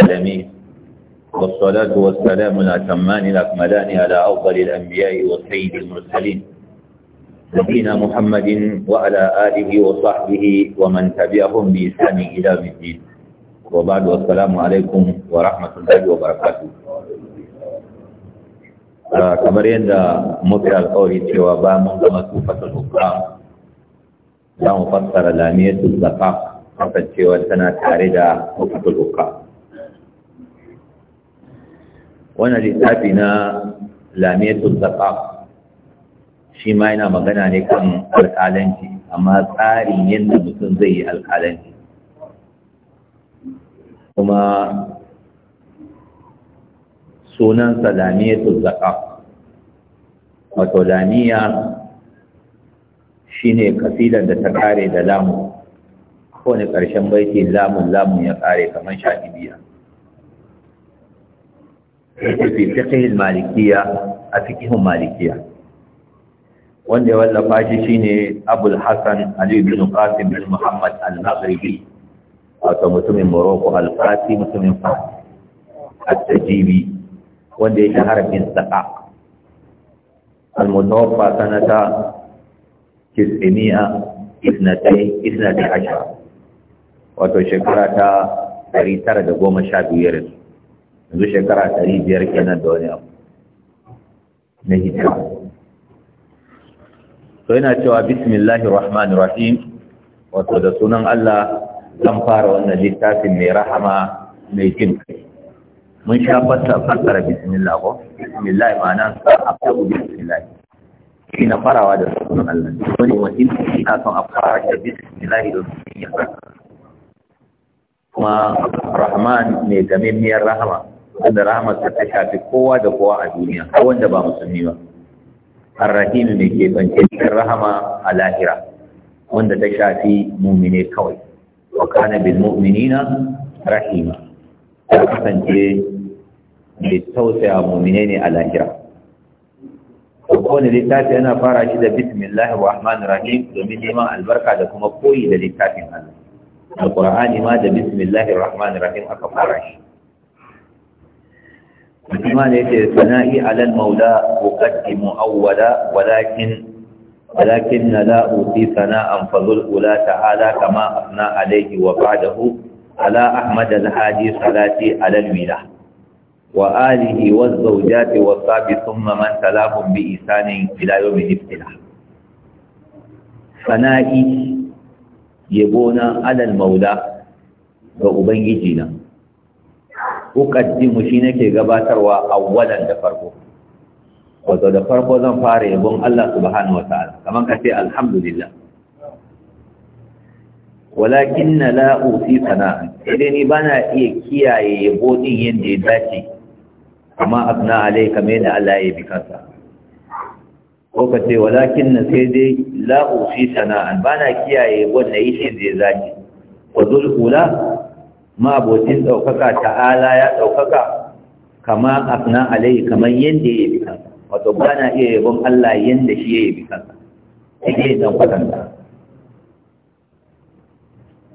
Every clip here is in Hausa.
السلمي والصلاة والسلام الأتمان الأكملان على أفضل الأنبياء والسيد المرسلين نبينا محمد وعلى آله وصحبه ومن تبعهم بإسلام إلى الدين وبعد والسلام عليكم ورحمة الله وبركاته kamar yadda muka alƙawari cewa ba mun gama tufatul hukam za mu fassara lamiyatul zakat kasancewar tana tare da tufatul hukam wannan littafi na lamiyatul zaka shi ma yana magana ne kan alƙalanci amma tsarin yadda mutum zai yi alƙalanci kuma sunansa lamiyatul zaka wato lamiya shi ne kasidan da ta kare da lamu kowane ƙarshen baiti lamun lamun ya kare kamar sha biya yake fi fiqhin malikiya a fiqhin malikiya wanda ya wallafa shi shine Abul Hasan Ali bin Qasim bin Muhammad al-Maghribi wato mutumin Morocco al-Fasi mutumin Fas at-Tajibi wanda ya shahara bin Saqa al-Mutawaffa sanata 912 wato shekara ta ya rasu yanzu shekara ɗari biyar kenan da wani abu na hijira to yana cewa bismillahi rahmanir rahim wato da sunan Allah zan fara wannan littafin mai rahama mai jin kai mun sha fassara bismillah ko bismillah ma'ana sa abu bismillah shi na farawa da sunan Allah wani wani ina son a fara da bismillah don sunan Allah kuma rahman mai miyar rahama wanda rahama ta shafi kowa da kowa a duniya ko wanda ba musulmi ba rahim ne ke bance cikin rahama a lahira wanda ta shafi mumine kawai wa kana bil mu'minina rahima ta kasance mai tausaya mumine ne a lahira kowane littafi yana fara shi da bismillahir rahmanir rahim domin neman albarka da kuma koyi da littafin Allah alqur'ani ma da bismillahir rahmanir rahim aka fara shi mutumane ce, sana'i alal maula uqaddimu awwala walakin na la uti sana'an fadhul ula ta'ala kama na alaihi wa ba'dahu ala ahmad al-hadi salati alal wila wa alihi wa zawjati wa sabi thumma man talahum bi isanin ila yawmi ibtila sana'i na, alal maula ga ubangiji na uqaddimu shi nake gabatarwa awwalan da farko wato da farko zan fara yabon Allah subhanahu ta'ala kaman ka ce alhamdulillah walakin la usi sana idan ni bana iya kiyaye yabo din yanda ya dace amma abna alai kamar da Allah ya bi kansa ko ka ce walakin na sai dai la usi sana'an bana kiyaye yabon na yi shi da ya dace wa zulhula ma'abocin ɗaukaka ta'ala ya ɗaukaka kama afna alai kamar yadda ya yi bikansa, wato ba na iya yabon Allah yadda shi ya yi kansa sai dan kwatanta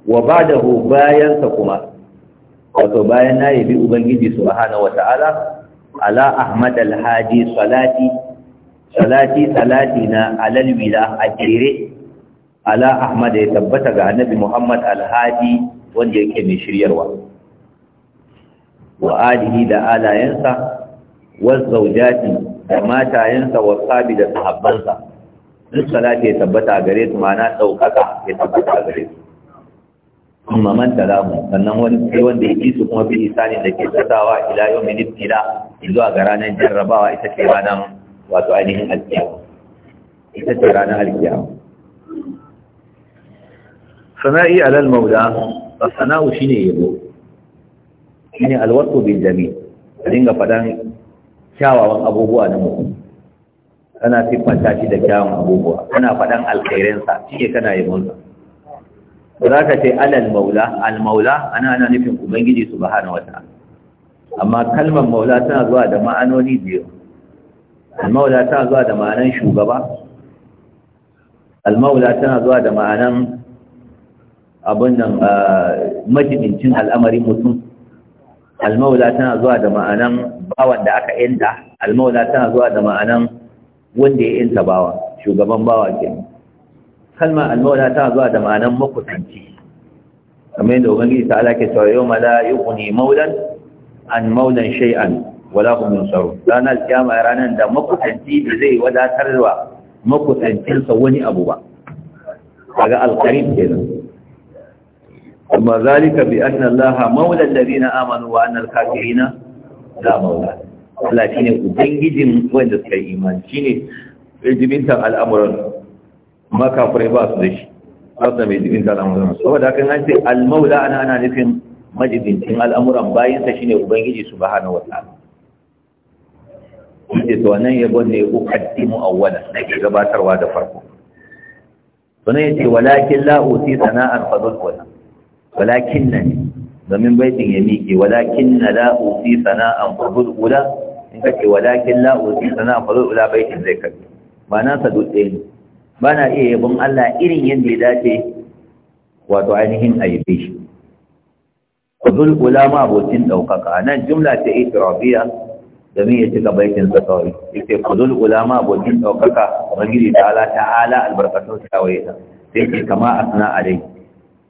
wa ba da ba'dahu bayansa kuma wato bayan na yabi ubangiji wa ta'ala ala ahmad alhaji salati salati salati na alalwila a jere ala ahmad ya tabbata ga annabi muhammad alhaji wanda yake mai shiryarwa wa alihi da alayensa wa zaujati da matayensa wa sabi da sahabbansa duk salati ya tabbata gare su mana daukaka ya tabbata gare su amma man talamu sannan wani sai wanda yake su kuma bi isani da ke tsatawa ila yawmin ibtila zuwa ga ranar jarrabawa ita ce ranar wato ainihin alkiyama ita ce ranar alkiyama sana'i alal maula as shi ne yabo shine alwarko bin Jami a dinga fadan kyawawan abubuwa na mutum kana siffanta shi da kyawun abubuwa kana faɗan alkhairinsa shi ne kana yabonsa ba za ka ce alal maula maula ana ana nufin ubangiji su ba hana wata amma kalmar maula tana zuwa da ma'anoni biyu maula tana zuwa da ma'anan shugaba Al-Maula tana zuwa da ma'anan abin nan majibincin al'amarin mutum almaula tana zuwa da ma'anan bawan da aka yanta almaula tana zuwa da ma'anan wanda ya yanta bawa shugaban bawa ke kalma almaula tana zuwa da ma'anan makusanci kamar yadda ubangiji ta ala ke cewa yau mala yuqni maulan an maulan shay'an wala hum yunsaru ranar kiyama ranar da makusanci da zai wadatarwa makusancinsa wani abu ba kaga alqarib kenan amma zalika bi anna allaha maula alladhina amanu wa anna al-kafirina la maula Allah shine ubangijin wanda suka yi imani shine jibintan al'amuran maka kurai ba su da shi ba su da mai jibintan al'amuran saboda kan an ce al-maula ana ana nufin majibincin al'amuran sa shine ubangiji subhanahu wa ta'ala ce to wannan yabon ne uqaddimu awwala nake gabatarwa da farko sunan yace walakin la usi sana'an fadul wala walakin na ne domin baitin ya miƙe walakin na la'usi sana'an fahul ula in ka ce walakin la'usi sana'an fahul ula baitin zai karbi ba na sa dutse ne ba na iya yabon Allah irin yadda ya dace wato ainihin a yabe shi fahul ula ma abokin ɗaukaka nan jumla ta itirabiya domin ya cika baitin sa kawai ita fahul ula ma abokin ɗaukaka ubangiji ta ala ta ala albarkatun sa kawai ta sai kama asna alai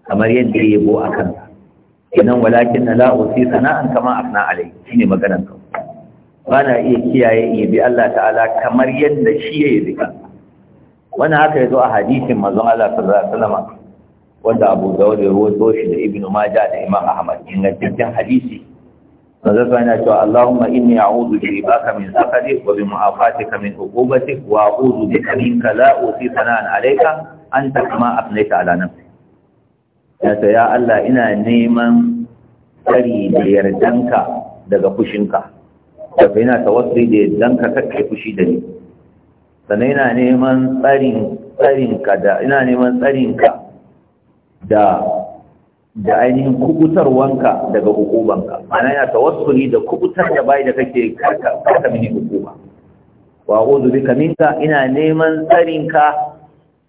kamar yadda ya yabo a kansa kenan walakin na la'usi sana'an kama afna alai shine maganar ka ba na iya kiyaye yabi Allah ta'ala kamar yadda shi ya yabi kansa wannan haka ya zo a hadisin mazan Allah sallallahu alaihi wasallam wanda Abu Dawud ya rawaito shi da Ibn Majah da Imam Ahmad ingantaccen hadisi manzon sa yana cewa Allahumma inni a'udhu bi baka min sakati wa bi mu'afatika min uqubatik wa a'udhu bika minka la'usi sana'an alayka anta kama afnaita ala nafsi ya sa ya Allah ina neman tsari da yardanka daga fushinka da fa yana tawassuli da yardanka kai fushi da ni sannan ina neman tsarin tsarinka da ina neman tsarinka da da ainihin kubutarwanka daga hukumanka ma'ana yana tawassuli da kubutar da bai da kake karka karka mini hukuma wa a'udhu bika minka ina neman tsarinka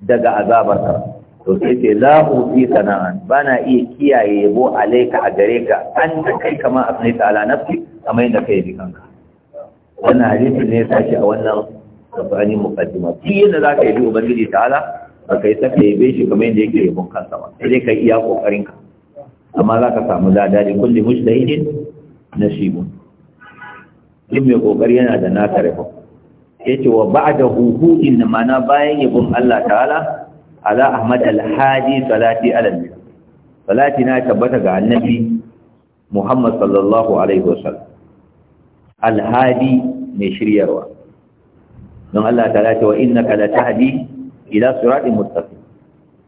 daga azabarka to sai ce la uti sana'an bana iya kiyaye yabo alaika a gare ka an ta kai kama a sunai ta'ala nafsi kamar yadda kai bi kanka wannan hadisi ne ya sashi a wannan tsakanin muqaddima shi yadda za ka yi ubangiji ta'ala ba ka yi saka yabe shi kamar yadda yake yabon kansa ba sai dai iya kokarin ka amma za ka samu lada da kulli mujtahidin nasibu in mai kokari yana da nasarar Ya yace wa ba'da huhu inna mana bayan yabon Allah ta'ala ala ahmad alhaji salati alalmi salati na tabbata ga annabi muhammad sallallahu alaihi wasallam alhaji mai shiryarwa don Allah ta lati wa innaka la tahdi ila siratin mustaqim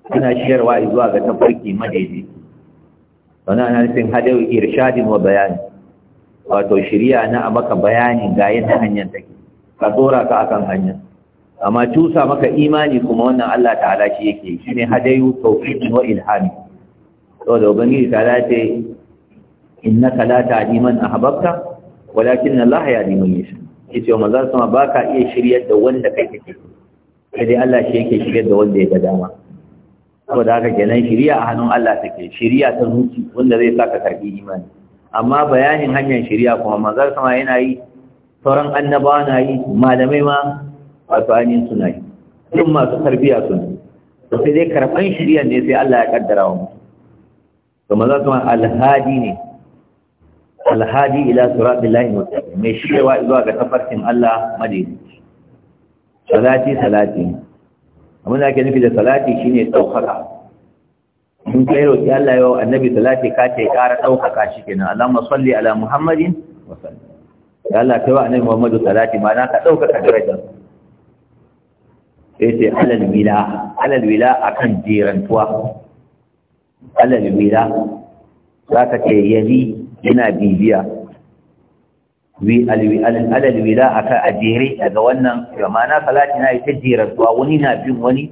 kana shiryarwa zuwa ga tafarki madaidai wannan ana nufin hadawi irshadin wa bayani wato shiriya na maka bayani ga yadda hanyar take ka tsora ka akan hanyar amma cusa maka imani kuma wannan Allah ta'ala shi yake shi ne hadayu tawfiqin wa ilhami to da ubangiji ta dace innaka la ta'di man ahbabta walakin Allah ya'di mun yasha yace wa manzo sama baka iya shiryar da wanda kai kake sai dai Allah shi yake shiryar da wanda ya ga dama saboda haka kenan shiriya a hannun Allah take shiriya ta zuci wanda zai saka karbi imani amma bayanin hanyar shiriya kuma manzo sama yana yi sauran annabawa na yi malamai ma wato ainihin suna yi duk masu tarbiya suna sai dai karɓan shirya ne sai Allah ya kaddara wa mutum to maza su alhadi ne alhadi ila surabillahi mutaqi mai shirya zuwa ga tafarkin Allah madaidaici salati salati abin da ake nufi da salati shine ɗaukaka Mun kai roƙi Allah yau annabi salati ka ce ƙara ɗaukaka shi kenan Allahumma salli ala Muhammadin wa sallim ya Allah kai wa annabi Muhammadu salati ma na ka ɗaukaka darajar sai ce alal wila alal wila akan jirantuwa alal wila za ka ce yali ina bibiya alal wila aka a daga wannan gama na salati na ita jerantuwa wani na bin wani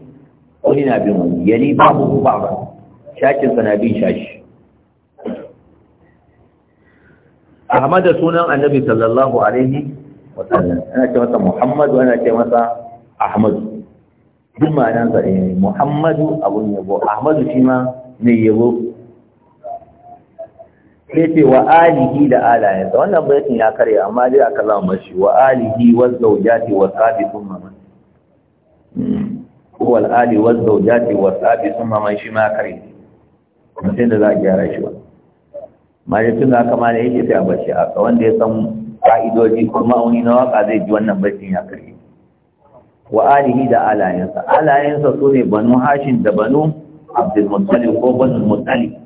wani na bin wani yali babu ba ba shakin sana bin shashi Ahmad da sunan annabi sallallahu alaihi wa sallam ana ce masa Muhammad ana ce masa Ahmad duk ma'anar da ne eh, muhammadu abun yabo ahmadu shi ma ne yabo sai ce wa alihi da alayensa wannan baitin ya karya amma dai aka zama mashi wa alihi wa zaujati wa sabiqun maman huwa hmm. al-ali wa zaujati wa sabiqun maman shi ma kare mutum da za a gyara shi ba ma dai tun da aka ma da yake sai a bashi a wanda ya san ka'idoji kuma wani na waka zai ji wannan baitin ya karya wa alihi da alayensa alayensa su ne banu hashin da banu abdulmuttali ko banu muttali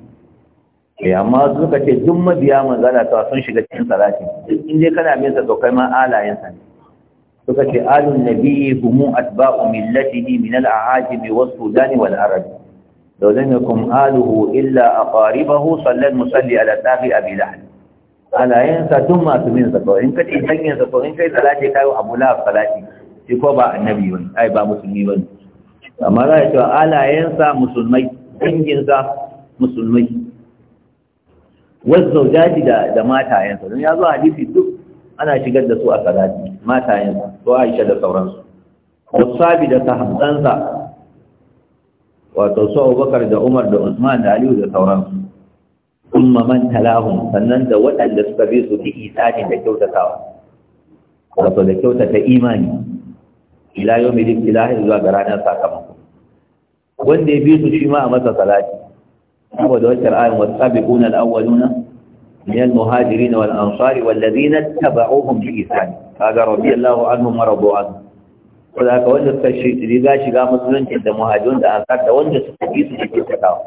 eh amma suka ce duk mabiya manzala ta sun shiga cikin salati in dai kana min sa to kai ma alayensa ne suka ce alun nabiyyi humu atba'u millatihi min al-ahajim was-sudan wal-arab law lam yakum aluhu illa aqaribahu sallal musalli ala tafi abi lahl alayensa duk masu min sa to in kace danyen sa to in kai salati kai abu lahab salati shi ko ba annabi ba ai ba musulmi ba amma za a cewa alayensa musulmai danginsa musulmai wasu zaujaji da matayensa don ya zo hadisi duk ana shigar da su a salati matayensa ko aisha da sauransu wasu sabi da sahabbansa wato su abubakar da umar da usman da aliyu da sauransu kuma man talahun sannan da waɗanda suka bi su fi ne da kyautatawa wato da kyautata imani ila yau mai dinki lahir zuwa ga ranar sakamako wanda ya bi su shi ma a masa salati saboda wancan ayin wasu sabiquna al-awwaluna من المهاجرين والأنصار والذين اتبعوهم بإحسان هذا رضي الله عنهم ورضوا عنه وذاك wanda suka riga shiga musulunci da muhajirun da ansar da wanda suka bi su cikin kadawa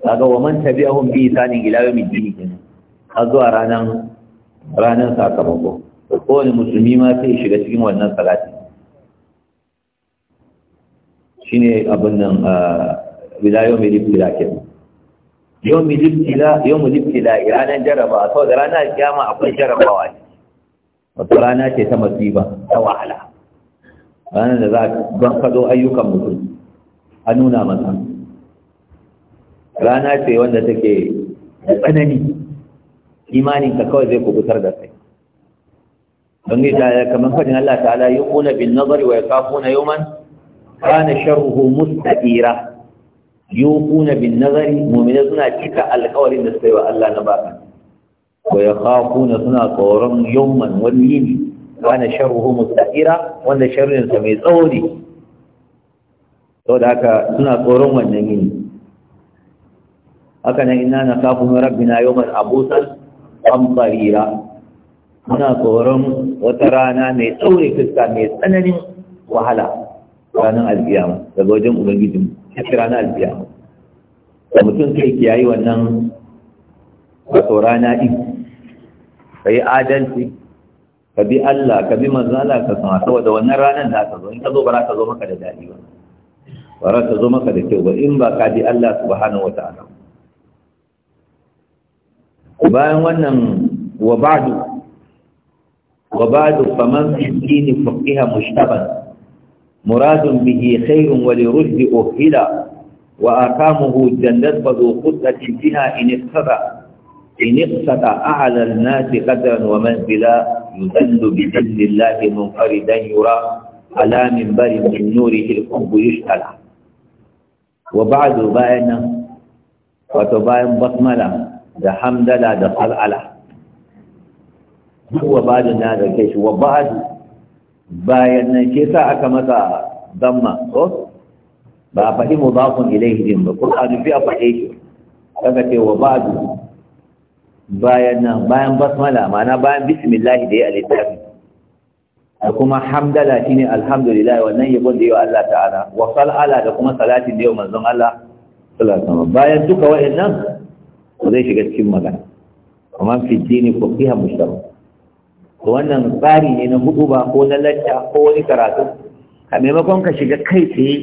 kaga wa man tabi'ahum bi isanin ila yawmi dini kenan har zuwa ranar ranan sakamako to kowane musulmi ma sai shiga cikin wannan salati ne abin nan bila yau mai libtila ke yau mai libtila yau mai libtila ranar jaraba sau da ranar kyama akwai jarabawa ne wata rana ce ta masifa ta wahala ranar da za a bankaɗo ayyukan mutum a nuna masa rana ce wanda take da tsanani imaninka kawai zai kubutar da kai don gida kamar fadin Allah ta'ala yi kuna bin nazari wa ya kafuna yau kana sharruhu mustaqira yuquna bin nazari mu'mina suna cika alƙawarin da suka yi wa Allah na baka wa yakhafuna suna tsoron yawman wani kana sharruhu mustaqira wanda sharrin sa mai tsauri ne saboda haka suna tsoron wannan yini haka nan inna nakhafu min rabbina yawman abusan amtarira muna tsoron wata rana mai tsauri fuska mai tsananin wahala ranar alkiyama daga wajen ya fi ranar alkiyama da mutum kai ki yayi wannan wato rana din ka yi adalci ka bi Allah ka bi manzo Allah ka sama saboda wannan ranar da ka zo in ka zo ba za ka zo maka da dadi ba ba za ka zo maka da kyau ba in ba ka bi Allah subhanahu wata'ala bayan wannan wa ba'du wa ba'du faman fi dini faqiha mushtaban مراد به خير ولرشد أهلا وآكامه جنات فذو قدة فيها إن اقتضى إن اقتضى أعلى الناس قدرا ومنزلا يذل بذل الله منفردا يرى على منبر من نوره الحب يشتلى وبعد باين وتباين بطملا ده لا دخل على هو بعد هذا كيش وبعد bayan nan ke sa aka masa zamma ko ba a faɗi mu bakun ilaihi din ba a fi a faɗe shi kaga ce wa ba'du bayan nan bayan basmala ma'ana bayan bismillahi da ya alittafi da kuma hamdala ne alhamdulillahi wannan yabon da yau Allah ta'ala wa sal'ala da kuma salatin da yau manzon Allah sallallahu bayan duka wa'annan zai shiga cikin magana kuma fi dini ko fiha mushtarak wannan tsari ne na hudu ba ko na lacca ko wani karatu a maimakon ka shiga kai tsaye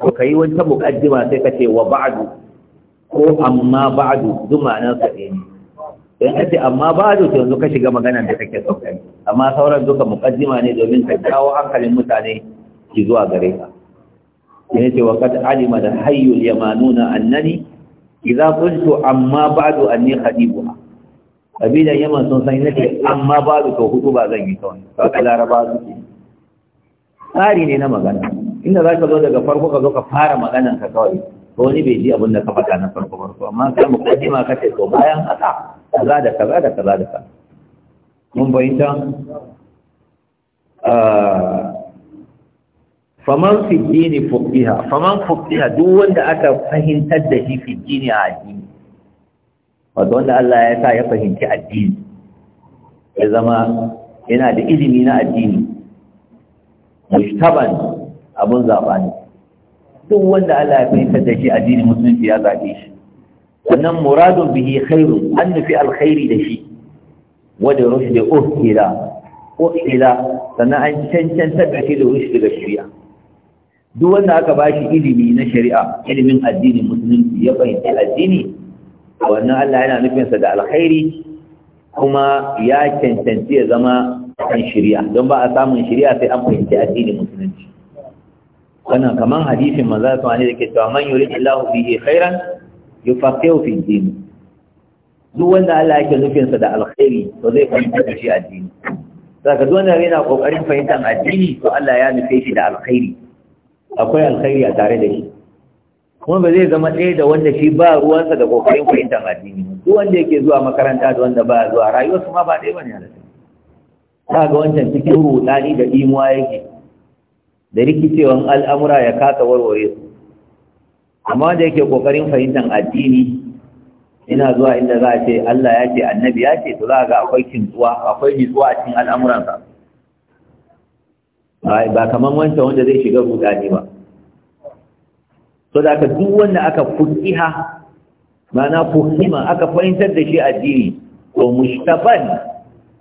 ko ka yi wata muƙaddima sai ka ce wa ba'adu ko amma ba'adu zuma nan sa ne in ka ce amma ba'adu to yanzu ka shiga maganar da kake so kai amma sauran duka muƙaddima ne domin ka jawo hankalin mutane ki zuwa gare ka in ce wa qad alima da hayyul yamanuna annani idza qultu amma ba'adu anni khadibuha kabilan yaman sun san nake amma babu ko hudu ba zan yi ta wani kawai kawai laraba suke tsari ne na magana inda za ka zo daga farko ka zo ka fara maganan ka kawai ko wani bai ji abin da ka faɗa na farko farko amma ka mukaddima ka ce to bayan haka kaza da kaza da kaza da kaza mun bayyana ah, faman fi dini fuqiha faman fuqiha duk wanda aka fahimtar da shi fi dini a addini wato wanda Allah ya sa ya fahimci addini ya zama yana da ilimi na addini Mustaban abun zaɓa ne duk wanda Allah ya fahimtar da shi addini musulunci ya zaɓe shi wannan muradun bihi khairu an nufi alkhairi da shi wadda rushe da uhila ƙila sannan an cancantar da shi da rushe daga shari'a duk wanda aka ba shi ilimi na shari'a ilimin addini musulunci ya fahimci addini wannan Allah yana nufinsa da alkhairi kuma ya cancanci ya zama kan shirya don ba a samun shirya sai an fahimci addinin musulunci wannan kaman hadisin manzo sallallahu alaihi da ke cewa man yurid Allahu bihi khairan yufaqihu fi din duk wanda Allah yake nufinsa da alkhairi to zai fahimci da shi addini saka duk wanda yana kokarin fahimtar addini to Allah ya nufe shi da alkhairi akwai alkhairi a tare da shi kuma ba zai zama ɗaya da wanda shi ba ruwansa da kokarin fahimtar addini duk wanda yake zuwa makaranta da wanda ba zuwa su ma ba ɗaya ba ne halatta ta ga wancan cikin rudani da imuwa yake da rikicewan al'amura ya kasa warware su amma wanda yake kokarin fahimtar addini ina zuwa inda za a ce Allah ya ce annabi ya ce to za ga akwai kintsuwa akwai nitsuwa a cikin al'amuransa ba kamar wancan wanda zai shiga rudani ba so da aka duk wanda aka fuskiha mana fuskima aka fahimtar da shi a addini to mustaban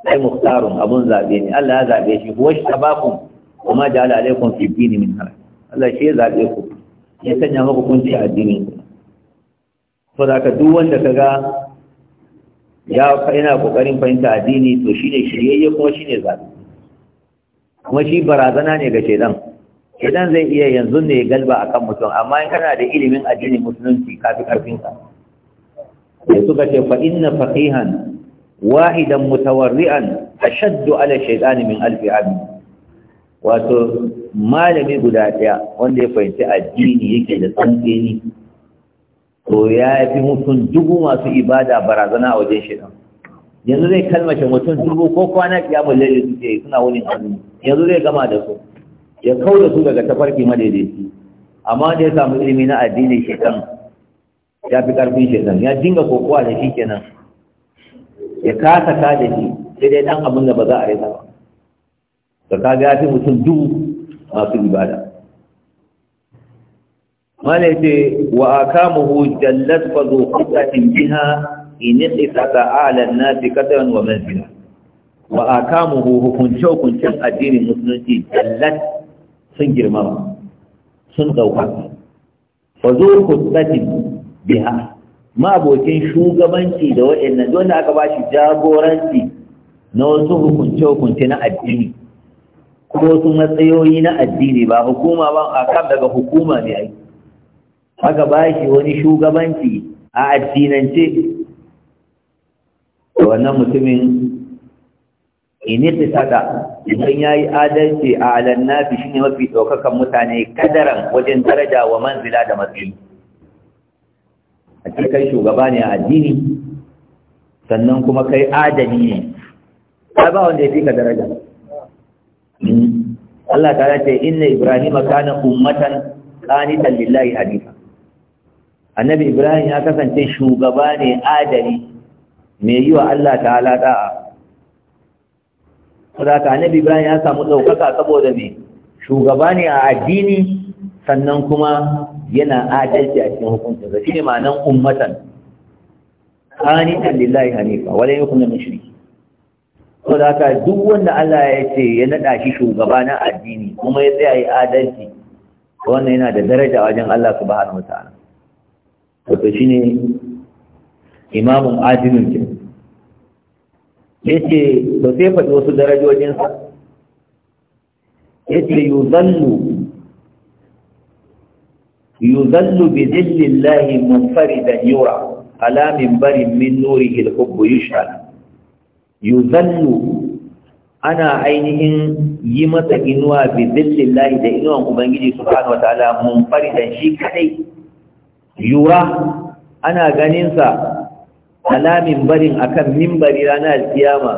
ai muhtarun abun zabe ne Allah ya zabe shi kuwa shi tabakun kuma ala alaikun fi dini min har Allah shi ya zabe ku ya sanya maka kunci a ku so da aka duk wanda kaga ya yana kokarin fahimta addini to shine shiryayye kuma shine zabe kuma shi barazana ne ga shedan idan zai iya yanzu ne galba kan mutum amma in kana da ilimin addinin musulunci kafi karfinka da suka ce fa inna faqihan wahidan mutawarri'an ashaddu ala shaytani min alfi abi wato malami guda daya wanda ya fahimci addini yake da tsantseni to ya fi mutum dubu masu ibada barazana a wajen shaidan. yanzu zai kalmace mutum dubu ko kwana kiyamul laili suke suna wurin abu yanzu zai gama da su ya kauda su daga tafarki madaidaici amma da ya samu ilimi na addinin shekan ya fi karfin shekan ya dinga kokowa da shi kenan ya kasa ka da shi sai dai dan abin da ba za a rasa ba ka kaga ya fi mutum dubu masu ibada mana ce wa muhu Jallas fa zu qutatin biha in isata ala an-nas kadran wa manzila wa muhu hukunce hukuncen addinin musulunci jallat sun girmama sun ɗaukaka fa zo kusatin biha ma'abokin shugabanci da waɗannan dole aka ba shi jagoranci na wasu hukunce-hukunce na addini ko wasu matsayoyi na addini ba hukuma ba a kan daga hukuma ne ai aka bashi wani shugabanci a addinance wannan mutumin inir sada idan yayi adalci a shi shine mafi daukakan mutane kadaran wajen daraja wa manzila da matsayi a cikin shugaba ne a addini sannan kuma kai adami ne ba ba wanda ya fi ka daraja hmm. Allah ta ce inna Ibrahim kana ummatan qanitan lillahi hanifa annabi Ibrahim ya kasance shugaba ne adami mai yi wa Allah ta'ala da'a saboda annabi Ibrahim ya samu ɗaukaka saboda me shugaba ne a addini sannan kuma yana adalci a cikin hukuncin sa shine ma'anan ummatan qanitan lillahi hanifa wala yakun min shirki saboda haka duk wanda Allah ya ce ya nada shi shugaba na addini kuma ya tsaya yi adalci wannan yana da daraja wajen Allah subhanahu wataala wato shine imamun adilun ke ya ce ba sai faɗi wasu darajojinsa ya ce yuzallu bi zillillahi munfaridan yura ala minbarin min nurihi al-hubbu yushal yuzallu ana ainihin yi masa inuwa bi zillillahi da inuwan ubangiji subhanahu wataala munfaridan shi kadai yura ana ganinsa ala mimbarin akan mimbari ranar alkiyama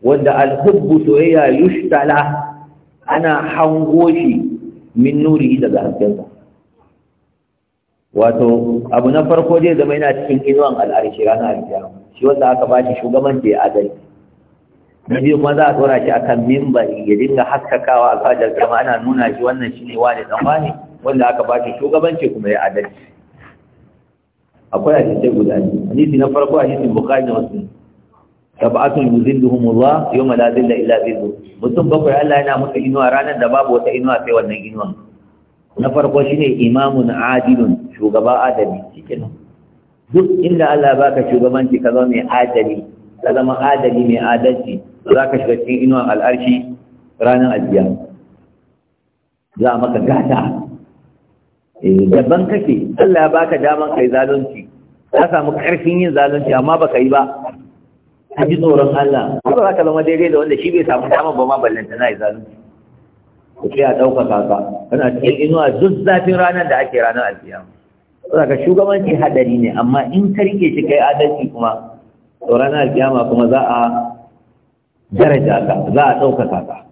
wanda alhubbu soyayya yushtala ana hango shi min nuri daga haskensa wato abu na farko zai zama yana cikin inuwan al'arshi ranar alkiyama shi wanda aka ba shi shugaban da ya adalci na biyu kuma za a tsora shi akan mimbari ya dinga haskakawa a kajar kama ana nuna shi wannan ne wane dan wane wanda aka ba shi shugabanci kuma ya adalci akwai hadisai guda biyu hadisi na farko hadisin bukhari da muslim sab'atun yuzilluhum Allah yawma la zilla illa zillu mutum bakwai Allah yana musu inuwa ranar da babu wata inuwa sai wannan inuwan na farko shine imamun adilun shugaba adali cikin duk inda Allah baka shugabanci ka zama mai adali ka zama adali mai adalci za ka shiga cikin inuwan al'arshi ranar aljiya za maka gata Eh, daban kake Allah ya baka daman kai zalunci ka samu karfin yin zalunci amma baka yi ba ka ji tsoron Allah ko za ka zama daidai da wanda shi bai samu daman ba ma ballanta na yi zalunci ku ce a dauka ka kana cikin inuwa duk zafin ranar da ake ranar alkiyama saboda shugabanci hadari ne amma in ka rike shi kai adalci kuma to ranar alkiyama kuma za a daraja ka za a dauka ka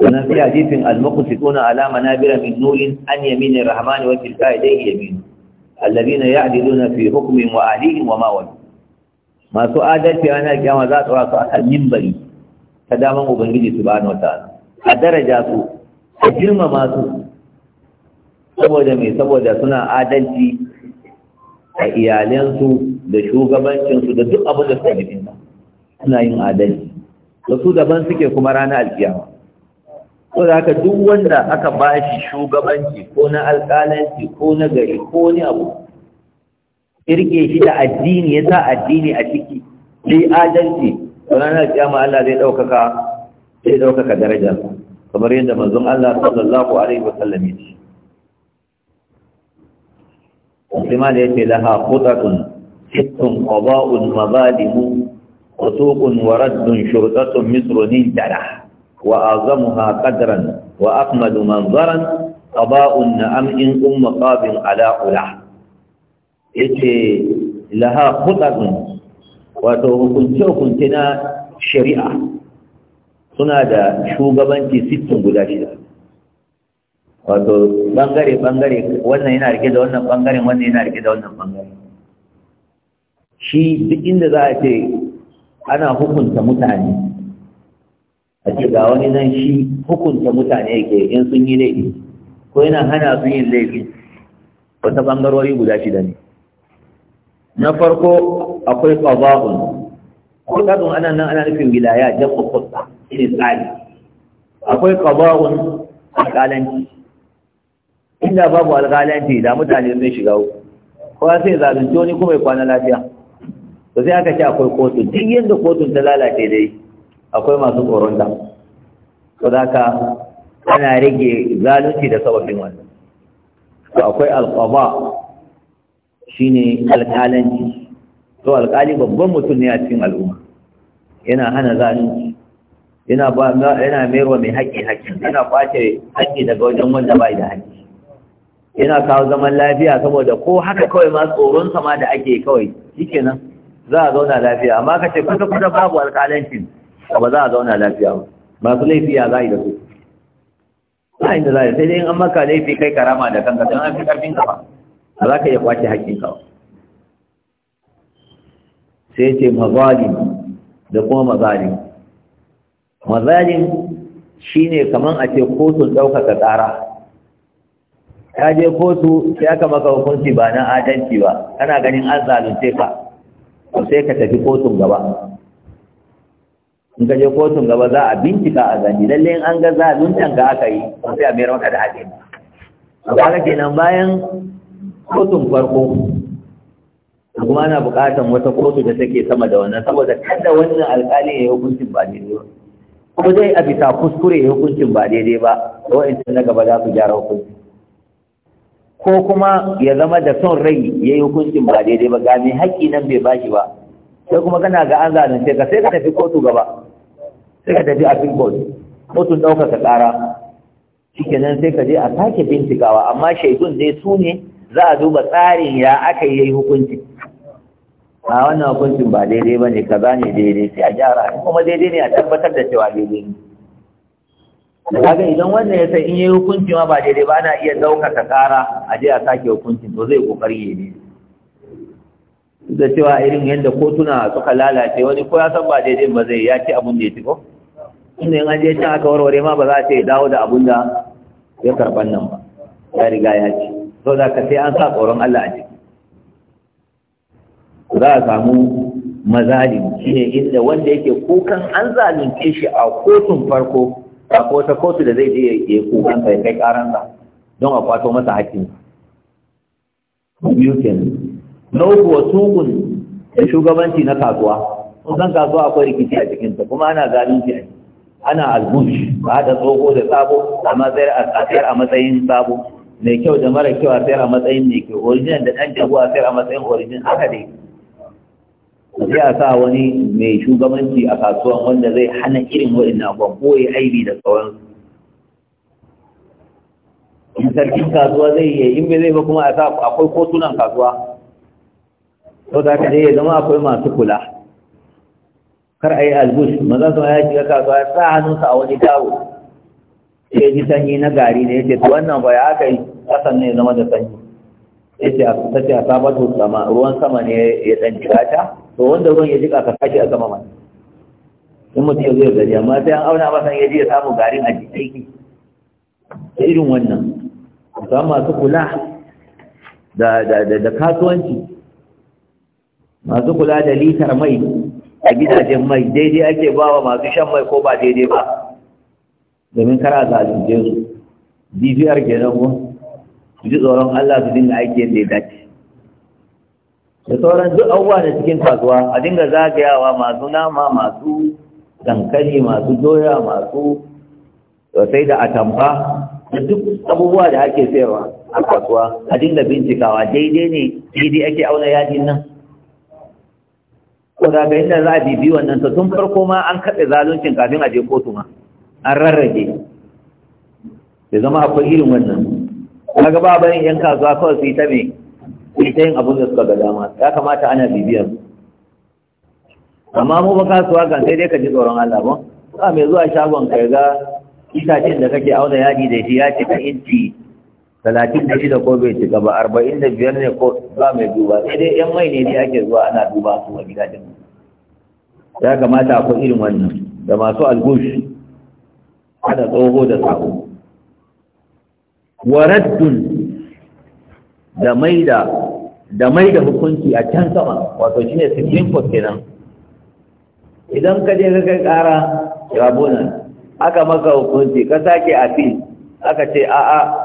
sannan sai hadisin al-muqsituna ala manabira min nurin an yaminir rahmani wa tilka ilayhi yamin alladhina ya'diluna fi hukmin wa ahlihim wa ma walu masu adalci ana kiyama za su wasu akan minbari ta daman ubangiji subhanahu wataala a daraja su a girmama su saboda mai saboda suna adalci a iyalansu da shugabancinsu da duk abin da suka gidinsa suna yin adalci da su daban suke kuma ranar alkiyama ko da haka duk wanda aka ba shi shugabanci ko na alƙalanci ko na gari ko ni abu kirke shi da addini ya sa addini a ciki sai adalci ranar kiyama Allah zai daukaka zai ɗaukaka darajar kamar yadda manzon Allah sallallahu alaihi wa sallam ya ce kuma da yake laha qutatun sittun qada'un mazalimu wa raddun shurqatun مصر jarah وأعظمها قدرا وأقمد منظرا قضاء النعم إن أم قاب على قلع إيه لها خطر وتوكنت كنتنا شريعة suna da shugabanci sittin guda shida wato bangare-bangare wannan yana rike da wannan bangaren wannan yana rike da wannan bangaren shi duk inda za a ce ana hukunta mutane ake ga wani nan shi hukunta mutane ke in sun yi laifi ko yana hana su yin laifi wata bangarori guda shida ne na farko akwai Ko kuɗaɗin ana nan ana nufin wilaya jan kuɗa shi tsari akwai tsawabun alƙalanci inda babu alƙalanci da mutane sun shiga ko sai zalunci wani kuma ya kwana lafiya to sai aka ce akwai kotun. duk yadda kotun ta lalace dai akwai masu tsoron da to da ka ana rage zalunci da sababin wannan to akwai alqaba shine alƙalanci to alƙali babban mutum ne a cikin al'umma yana hana zalunci yana ba yana mayarwa mai haƙƙi haƙƙi yana kwace haƙƙi daga wajen wanda bai da haƙƙi yana kawo zaman lafiya saboda ko haka kawai ma tsoron sama da ake kawai shikenan za a zauna lafiya amma kace kusa kusa babu alƙalancin ba za a zauna lafiya ba masu laifi ya za a yi da su ba inda za a yi sai dai an maka laifi kai karama da kanka sai an fi karfin ka ba a za ka iya kwace haƙƙin ka sai ce mazalim da kuma mazalim mazalim shine kaman a ce kotun ɗaukaka tsara ka je kotu sai aka maka hukunci ba na adalci ba kana ganin an zalunce ka sai ka tafi kotun gaba in ka je kotun gaba za a bincika a gani lalle in an ga za a duncan ga aka yi sai a mayar maka da haɗe a ka kenan bayan kotun farko kuma ana buƙatar wata kotu da take sama da wannan saboda kada wannan alƙalin ya yi hukuncin ba daidai ba ko dai a bisa kuskure ya yi hukuncin ba daidai ba ko in ta na gaba za su gyara hukuncin ko kuma ya zama da son rai ya yi hukuncin ba daidai ba ga mai haƙƙi nan bai bashi ba sai kuma kana ga an zalunce ka sai ka tafi kotu gaba sai ka tafi appeal board kotun ɗaukaka ƙara shikenan sai ka je a sake bincikawa amma shaidun dai su ne za a duba tsarin ya aka yi hukunci a wannan hukuncin ba daidai ba ne kaza ne daidai sai a gyara kuma daidai ne a tabbatar da cewa daidai ne ga idan wannan ya san in yi hukunci ma ba daidai ba ana iya ɗaukaka ƙara a je a sake hukuncin to zai ƙoƙari ya daidai da cewa irin yadda kotuna suka lalace wani ko ya san ba daidai ba zai ya ce abin da ya ci ko inda yin an je can aka warware ma ba za ta yi dawo da abin da ya karɓan nan ba ya riga ya ci sau da ka sai an sa tsoron Allah a ciki za a samu mazalim shi inda wanda yake kukan an zalunce shi a kotun farko a kota kotu da zai je ya yi kukan kai karansa don a kwato masa hakkin biyu na uku wa Tukun da shugabanci na kasuwa kun san kasuwa akwai rikici a cikinta kuma ana zalunci a ana albush ba da tsoho da sabo a matsayar a matsayin sabo mai kyau da mara kyau a sayar a matsayin mai kyau original da ɗan jago a sayar a matsayin original haka dai sai a sa wani mai shugabanci a kasuwan wanda zai hana irin na ba ko ya aibi da sauransu sarkin kasuwa zai yi in bai zai ba kuma a sa akwai kotunan kasuwa sau da kare ya zama akwai masu kula kar a yi albush maza su ya shiga kasuwa ya sa hannunsa a wani dawo ya ji sanyi na gari ne ya ce wannan ba ya aka yi kasan ne ya zama da sanyi ya ce a tace a sabatu sama ruwan sama ne ya dan jirata to wanda ruwan ya jika ka kashi a sama mai in mutum ya zo ya gari amma sai an auna masan ya ji ya samu garin a jiki irin wannan musamman masu kula da kasuwanci masu kula da litar mai a gidajen mai daidai ake ba wa masu shan mai ko ba daidai ba domin kar a zalunce su bibiyar kenan ko su ji tsoron Allah su dinga aiki yadda ya dace da sauran duk abubuwa da cikin kasuwa a dinga zagayawa masu nama masu dankali masu doya masu sosai da atamfa da duk abubuwa da ake sayarwa a kasuwa a dinga bincikawa daidai ne daidai ake auna yadin nan ko da ga inda za a bibi wannan to tun farko ma an katse zaluncin kafin a je kotu ma an rarrage ya zama akwai irin wannan kaga ba bayan yan kasuwa kawai su yi ta me su yi ta yin abin da suka ga dama ya kamata ana bibiyar amma mu ba kasuwa kan sai dai ka ji tsoron Allah ba ba mai zuwa shagon ka ga itacen da kake auna yadi da shi ya ce ta inci talatin da shida ko bai cika ba arba'in da biyar ne ko ba mai duba sai dai yan mai ne dai ake zuwa ana duba su a gidajen ya kamata akwai irin wannan da masu algush ana tsoho da sabo waraddun da mai da da mai da hukunci a can sama wato shine supreme court kenan idan ka je ka kai kara rabunan aka maka hukunci ka sake appeal aka ce a'a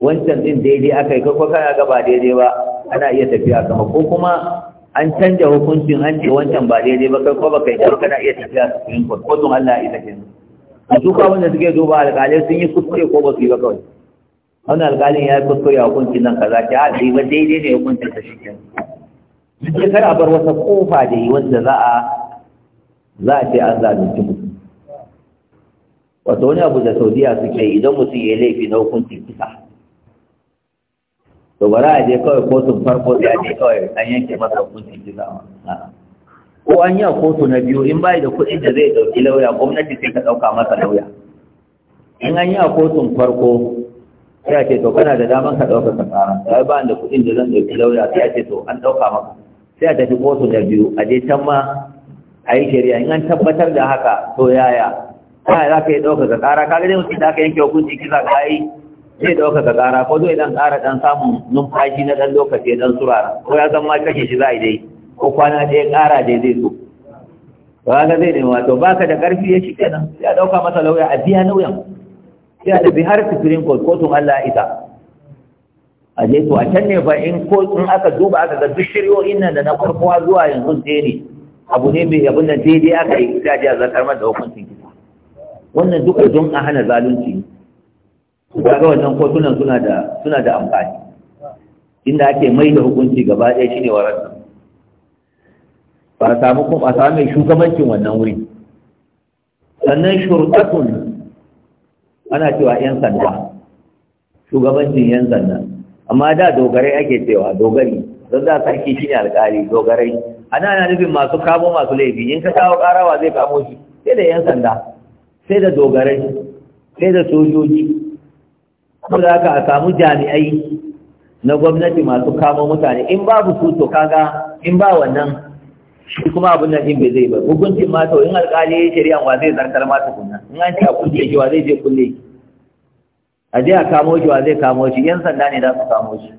wancan din daidai aka yi kakwa kana ga ba daidai ba ana iya tafiya sama ko kuma an canja hukuncin an ce wancan ba daidai ba kai ko ba kai karo kana iya tafiya ko kotun Allah ita ke a duk abin da suke duba alƙalai sun yi kuskure ko ba su yi ba kawai wannan alƙalin ya yi kuskure a hukuncin nan kaza ta ah, yi ba daidai ne hukuncin ta shi kenan duk kar a bar wata kofa da yi wanda za a za a ce an zalunci mutum wato wani abu da saudiya suke idan mutum ya laifi na hukuncin kisa to ba za a je kawai kotun farko sai a je kawai an yanke masa hukuncin kisa ko an yi a kotu na biyu in bai da kuɗin da zai ɗauki lauya gwamnati sai ka ɗauka masa lauya in an yi a kotun farko sai a ce to kana da daman ka ɗauka kasara yi bani da kuɗin da zan ɗauki lauya sai a ce to an ɗauka maka sai a tafi kotu na biyu a je can ma a yi shari'a in an tabbatar da haka to yaya ta za ka yi ɗauka kasara ka ga dai mutum da aka yanke hukunci kisa ka yi zai dauka ka kara ko zai dan kara dan samun numfashi na dan lokaci dan surara ko ya san ma kashe shi za a dai ko kwana ya kara dai zai zo? ba ga zai nema to baka da ƙarfi ya shi kenan ya dauka masa lauya a biya nauyan ya bi har supreme court kotun Allah ita a je to a can ne ba in ko in aka duba aka ga duk shiryoyin nan da na farko zuwa yanzu ɗaya ne abu ne mai abin nan daidai aka yi sai a zakar a zartar mata da hukuncin kisa wannan duka don a hana zalunci ga wannan kotunan suna da suna da amfani inda ake mai da hukunci gaba ɗaya shine warar ba a samu kuma a samu shugabancin wannan wuri sannan shurtatun ana cewa yan sanda shugabancin yan sanda amma da dogarai ake cewa dogari don za sarki ne alƙali dogarai ana na nufin masu kamo masu laifi in ka kawo ƙarawa zai kamo shi sai da yan sanda sai da dogarai sai da sojoji ko da a samu jami'ai na gwamnati masu kamo mutane in babu su to kaga in ba wannan shi kuma abin nan din bai zai ba hukuncin ma to in alƙali ya shari'a wa zai zartar ma tukunna in an ci a kulle shi wa zai je kulle a je a kamo shi wa zai kamo shi yan sanda ne za su kamo shi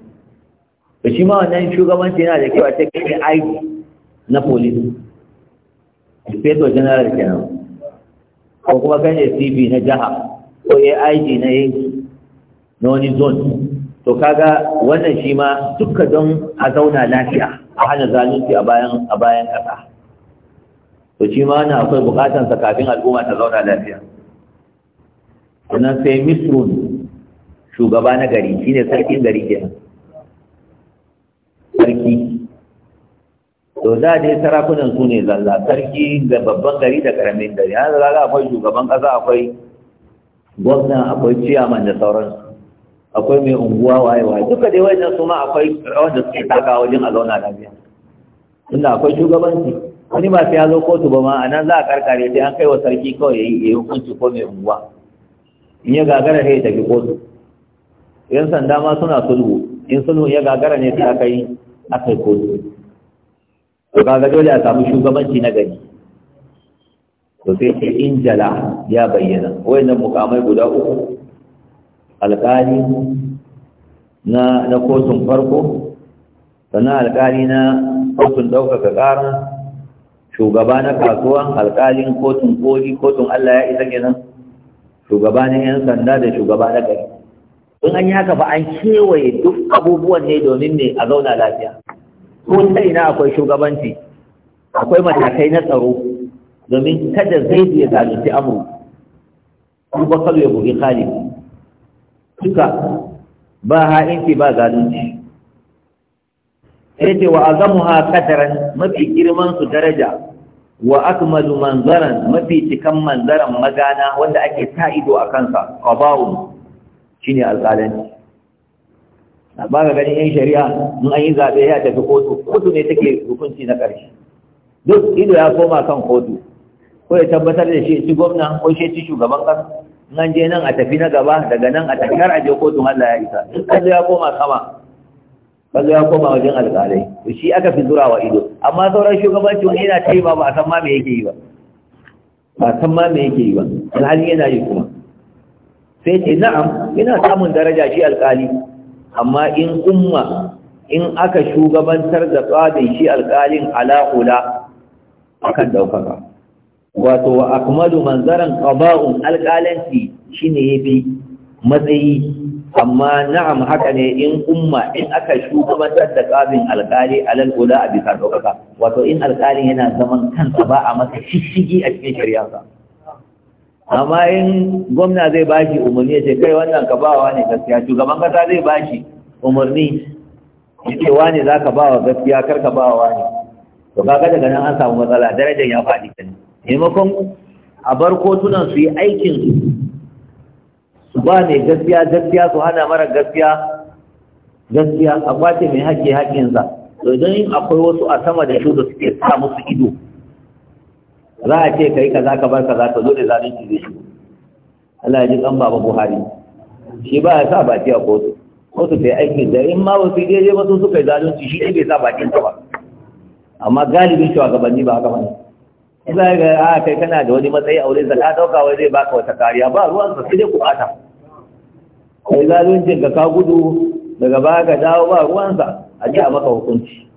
to shi ma wannan shugabanci yana da kyau a ce ai na police inspector general kenan ko kuma kan ne cb na jaha ko aig na yanki na wani zone to kaga wannan shi ma duka don a zauna lafiya a hana zalunci a bayan a bayan kasa to shi ma na akwai sa kafin al'umma ta zauna lafiya sannan sai misrun shugaba na gari shine sarkin gari kenan sarki to da dai sarakunan su ne zalla sarki da babban gari da karamin gari har zaga akwai shugaban kasa akwai gwamna akwai ciyaman da sauransu akwai mai unguwa waye waye duka dai wayannan su ma akwai wanda suke taka wajen a zauna lafiya tunda akwai shugabanci wani ba sai ya zo kotu ba ma a nan za a karkare sai an kai wa sarki kawai ya yi hukunci ko mai unguwa in ya gagara sai ya tafi kotu yan sanda ma suna sulhu in sulhu ya gagara ne sai aka yi a kai kotu to kaga dole a samu shugabanci na gari to sai ce in jala ya bayyana wayannan mukamai guda uku alƙali na na kotun farko sannan alƙali na kotun ɗaukaka ƙara shugaba na kasuwa alƙalin kotun koli kotun Allah ya isa kenan shugaba na 'yan sanda da shugaba na gari in an yi ba an kewaye duk abubuwan ne domin ne a zauna lafiya ko ta ina akwai shugabanci akwai matakai na tsaro domin kada zai ya zalunci amuru ko kalu ya bugi khalid duka ba ha'inci ba zalunci sai ce wa ha kataran mafi girman su daraja wa akmalu manzaran mafi cikan manzaran magana wanda ake ta ido a kansa qabaun shine alƙalanci ba ga ganin yan shari'a in an yi zaɓe ya tafi kotu kotu ne take hukunci na karshe duk ido ya koma kan kotu ko ya tabbatar da shi ci gwamna ko shi ci shugaban kasa nan je nan a tafi na gaba daga nan a tafi har a je kotun Allah ya isa Duk kallo ya koma sama kallo ya koma wajen alƙalai to shi aka fi zura wa ido amma sauran shugabancin wani yana taiba ba ba a san ma me yake yi ba ba san ma me yake yi ba alhali yana yi kuma sai ce na'am yana samun daraja shi alƙali amma in umma in aka shugabantar da tsadin shi alƙalin ala'ula akan ɗaukaka wato wa akmalu manzaran qaba'un alqalanti shine yafi matsayi amma na'am haka ne in umma in aka shugabantar da qabin alqali alal ula abi bisa wato in alkalin yana zaman kansa ba a masa shishigi a cikin shari'a amma in gwamna zai bashi umarni ya ce kai wannan ka bawa ne gaskiya shugaban kasa zai bashi umarni ya ce wani za ka bawa gaskiya kar ka bawa wani to kaga daga nan an samu matsala darajar ya faɗi ne. maimakon a bar kotunan su yi aikin su su ba mai gaskiya gaskiya su hana mara gaskiya gaskiya a kwace mai haƙƙi haƙƙinsa to idan yin akwai wasu a sama da da suke sa musu ido za a ce kai kaza ka bar kaza ka zo da zalunci zai shi Allah ya ji kan baba Buhari shi ba ya sa baki a kotu kotu ta yi aikin da in ma ba su daidai ba su suka yi zalunci shi ne bai sa bakin ta ba amma galibin gabanni ba haka ne. za ga a ah, kai kana da wani matsayi a wurin zaka dauka wai zai baka wata kariya ba ruwan sa sai dai ku bata kai zaluncin ka ka gudu daga baya ka dawo ba ruwan sa a ji a maka hukunci